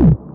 you